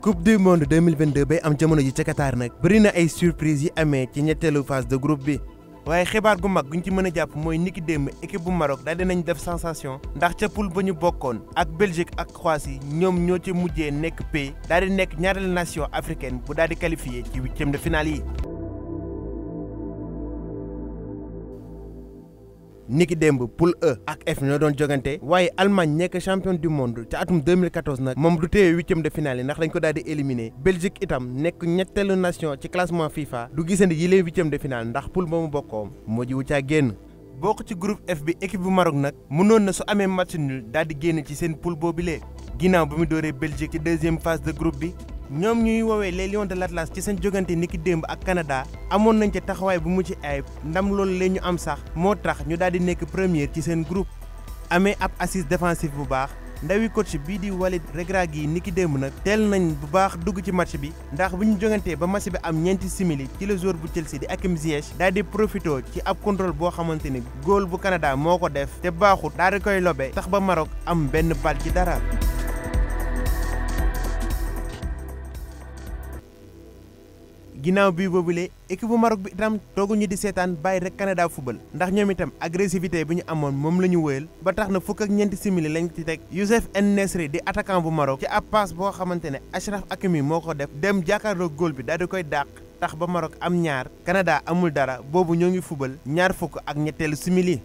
coupe du monde 2022 bay am jamono ji ca Qatar nag bëri na ay surprise yi amee ci ñetteelu phase de groupe bi waaye xibaar gu mag guñ ci mën a jàpp mooy niki démb équipe bu Maroc daal dinañ def sensation ndax ca pul ba ñu bokkoon ak Belgique ak Croatie ñoom ñoo ci mujjee nekk pays daal nekk ñaareelu nation africaine bu daal di qualifié ci huitième de finaal yi niki démb poule E ak F ñoo doon jogante waaye Allemagne nekk champion du monde ca atum 2014 nag moom du téye huitième de finale yi ndax dañ ko daal di éliminé Belgique itam nekk ñetteelu nation ci classement FIFA du gisandi yi leen huitième de finale ndax poule ba mu bokkoom moo jiwu caa génn. bokk ci groupe F bi équipe bu Maroc nag mënoon na su amee match nul daal di génn ci seen poule bilee ginnaaw bi mu dooree Belgique ci deuxième phase de groupe bi ñoom ñuy woowee les lions de l'Atlas ci seen jógante ni ki démb ak Canada amoon nañ ca taxawaay bu mucc ayib ndam loolu la ñu am sax moo tax ñu daal di nekk première ci seen group amee ab assise défensive bu baax ndawi coach bii di Walid Regragui ni ki démb nag teel nañ bu baax dugg ci match bi ndax bu ñu jongantee ba match bi am ñeenti simili ci la joueur bu Chelsea di ak Ziyech daal di profito ci ab contrôle boo xamante ni góor bu kanadaa moo ko def te baaxut daal di koy lobe tax ba Maroc am benn bal ci dara. ginnaaw bii boobule équipe bu Maroc bi itam tooguñu di seetaan bàyyi rek Canada football ndax ñoom itam agressivité bi ñu amoon moom la ñu wëyal ba tax na fukk ak ñeenti simili lañ ci teg Youssef En-Nesyri di attaquant bu Maroc ci ab passe boo xamante ne Achraf Hakimi moo ko def dem jàkkaarloo góol bi daal koy dàq tax ba Maroc am ñaar Canada amul dara boobu ñoo ngi football ñaar fukk ak ñetteelu simili.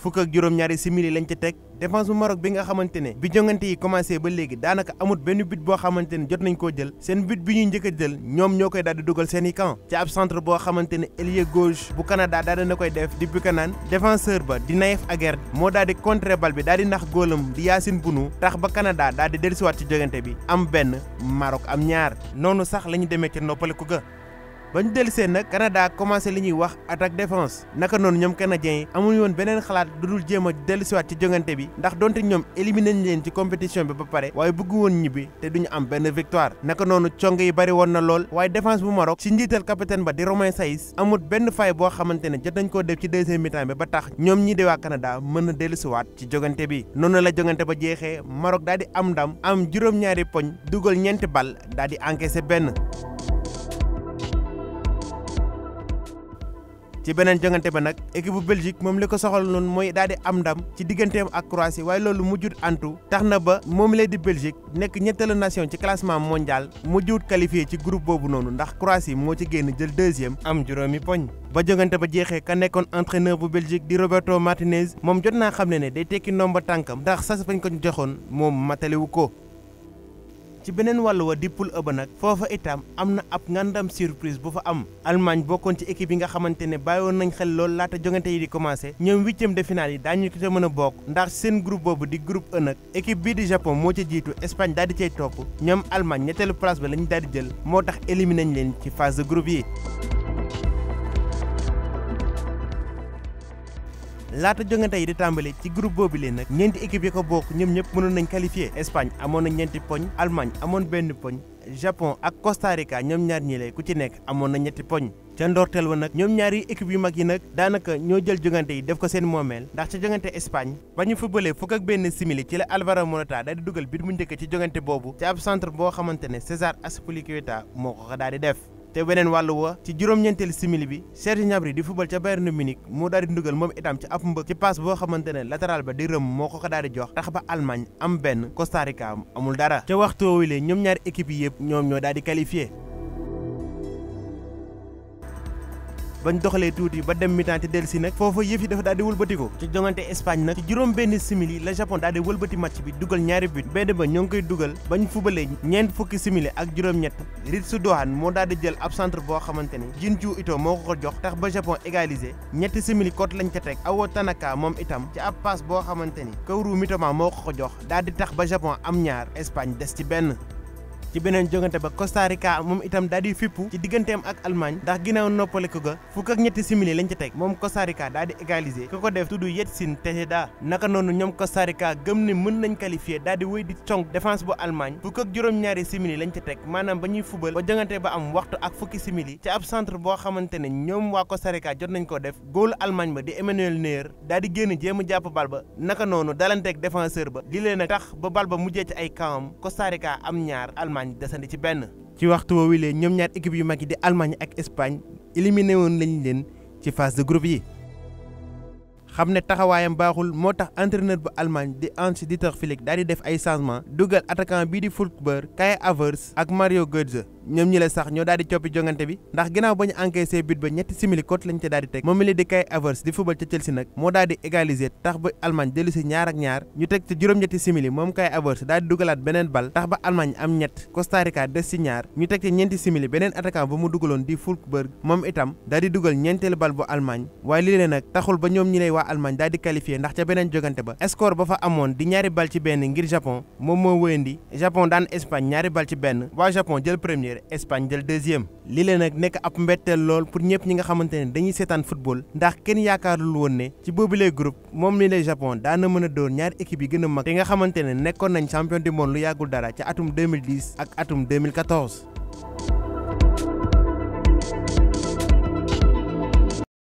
fukk ak juróom-ñaari simili lañ ca teg défense bu Maroc bi nga xamante ne bi jongante yi commencé ba léegi daanaka amut benn bit boo xamante ne jot nañ koo jël seen but bi ñuy njëkk jël ñoom ñoo koy daal di dugal seen i ab centre boo xamante ne ailier gauche bu kanadaa daal na koy def di Buchanan défenseur ba di Naïf Aguerd moo daal di contrer bal bi daal di nax góolam di Yacine Bounou tax ba Canada daal di dellusiwaat ci jongante bi am benn Maroc am ñaar noonu sax la ñu demee ca noppaliku ga bañ dellusee nag Canada commencé li ñuy wax attaque défense naka noonu ñoom canadiens yi amuñu woon beneen xalaat lu dul jéem a dellusiwaat ci jongante bi ndax donte ñoom éliminé nañ leen ci compétition bi ba pare waaye bëgg woon ñibbi te duñu am benn victoire naka noonu cong yi bari woon na lool waaye défense bu Maroc ci njiital capitaine ba di Romain Saïs amut benn fay boo xamante ne jot nañ ko def ci deuxième mi bi ba tax ñoom ñi di waa Canada mën a dellusiwaat ci jongante bi noonu la jongante ba jeexee Maroc daal di am ndam am juróom poñ dugal ñeenti bal daal di encaissé benn ci beneen jongante ba nag équipe bu Belgique moom li ko soxal noonu mooy daal di am ndam ci digganteem ak Croatie waaye loolu mujjut antu tax na ba moom lay di Belgique nekk ñetteelu nation ci classement mondial mujjut qualifié ci group boobu noonu ndax Croatie moo ci génn jël deuxième am juróomi poñ. ba jongante ba jeexee ka nekkoon entraîneur bu Belgique di Roberto Martinez moom jot naa xam ne ne day tekki ndomba tànkam ndax sas bañ ko joxoon moom mataliwu ko. ci beneen wàll wa di poule ëba e nag foofa itam am na ab ngàndam surprise bu fa am Allemagne bokkoon ci équipe yi nga xamante ne bàyyi woon nañ xel loolu laata jongante yi di commencé ñoom huitième de finale yi daañu ko ca mën a bokk ndax seen groupe boobu di groupe E nag équipe bii di Japon moo ca jiitu Espagne daal di cay topp ñoom Allemagne ñetteelu place ba la ñu daal di jël moo tax éliminé nañ leen ci phase de groupe yi laata jongante yi di tàmbali ci groupe boobu leen nag ñeenti équipe yi ko bokk ñoom ñëpp mënoon nañ qualifié Espagne amoon na ñeenti poñ Allemagne amoon benn poñ Japon ak kostarika Rica ñoom ñaar ñi lay ku ci nekk amoon na ñetti poñ ca ndorteel wa nag ñoom ñaari équipe yu mag yi nag daanaka ñoo jël jogante yi def ko seen moomeel ndax ca jogante Espagne ba ñu footballee fukk ak benn simili ci la Alvaro Morata daal di dugal bit mu njëkk ci jogante boobu ci centre boo xamante ne César Azpilicueta moo ko daal di def te weneen wàll wa ci juróom-ñeenteelu simili bi Serge Gnabry di football ca Bayern Munich moo daal di ndugal moom itam ci ab mbëkk ci passe boo xamante ne latéral ba di rëm moo ko ko daal di jox tax ba Allemagne am benn kostarika Rica amul dara ca waxtu woowu ñoom ñaari équipe yi yëpp ñoom ñoo daal di qualifié bañ doxalee tuuti ba dem mi-temps te dellusi nag foofa yëf yi dafa daal di wëlbatiku ci jongante Espagne nag ci juróom benn simili la Japon daal di wëlbati match bi dugal ñaari but benn ba ñoo ngi koy dugal bañ fubalee ñeent fukki simili ak juróom-ñett Ritsu Dohan moo daal di jël ab centre boo xamante ni Jinju Ito moo ko ko jox tax ba Japon égalisé ñetti simili kot lañ ca teg Awo Tanaka moom itam ci ab passe boo xamante ni Kaoru Mitoma moo ko ko jox daal di tax ba Japon am ñaar Espagne des ci benn ci beneen jongante ba Costa Rica moom itam daal di fippu ci digganteem ak Allemagne ndax ginnaaw noppaliku ga fukk ak ñetti simili lañ ci teg moom Costa Rica daal di égaliser ku ko def tudd Yetsin Teceda naka noonu ñoom Costa gëm ne mën nañ qualifier daal di wéy di cong défense bu Allemagne fukk ak juróom-ñaari simili lañ ci teg maanaam ba ñuy fubal ba jongante ba am waxtu ak fukki simili ci ab centre boo xamante ne ñoom waa Costa jot nañ ba di Emmanuel Neuer a ba ba li leen a tax Espagne desandi ci benn. ci waxtu woowu lee ñoom ñaar équipe yu mag yi di Allemagne ak Espagne éliminé woon lañ leen ci phase de groupe yi. xam ne taxawaayam baaxul moo tax entraîneur bu Allemagne di Hans-Dieter Flick daal di def ay changement dugal attaquant bii di Fulkberg Kai Havertz ak Mario Götze. ñoom ñi la sax ñoo daal di coppi jongante bi ndax ginnaaw ba ñu encaissé but ba ñetti simili côte lañ ca daal di teg moom mi la di Kai Havertz di football ca Chelsea nag moo daal di tax ba Allemagne dellu si ñaar ak ñaar ñu teg ca juróom-ñetti simili moom Kai Havertz daal di dugalaat beneen bal tax ba Allemagne am ñett Costa Rica des si ñaar ñu teg ca ñeenti simili beneen attaquant ba mu dugaloon di Fulkberg moom itam daal dugal ñeenteelu bal bu Allemagne waaye lii lee taxul ba ñoom ñi lay waa Allemagne daal di qualifié ndax ca beneen jogante ba score ba fa amoon di ñaari bal ci benn ngir Japon moom moo wëyandi Japon daan Espagne ñaari bal ci benn waa récupérer Espagne jël deuxième li leen nekk ab mbetteel lool pour ñëpp ñi nga xamante ne dañuy seetaan football ndax kenn yaakaarul woon ne ci boobilee groupe moom li lay Japon daana mën a dóor ñaari équipe yi gën a mag te nga xamante ne nekkoon nañ champion du monde lu yàggul dara ci atum 2010 ak atum 2014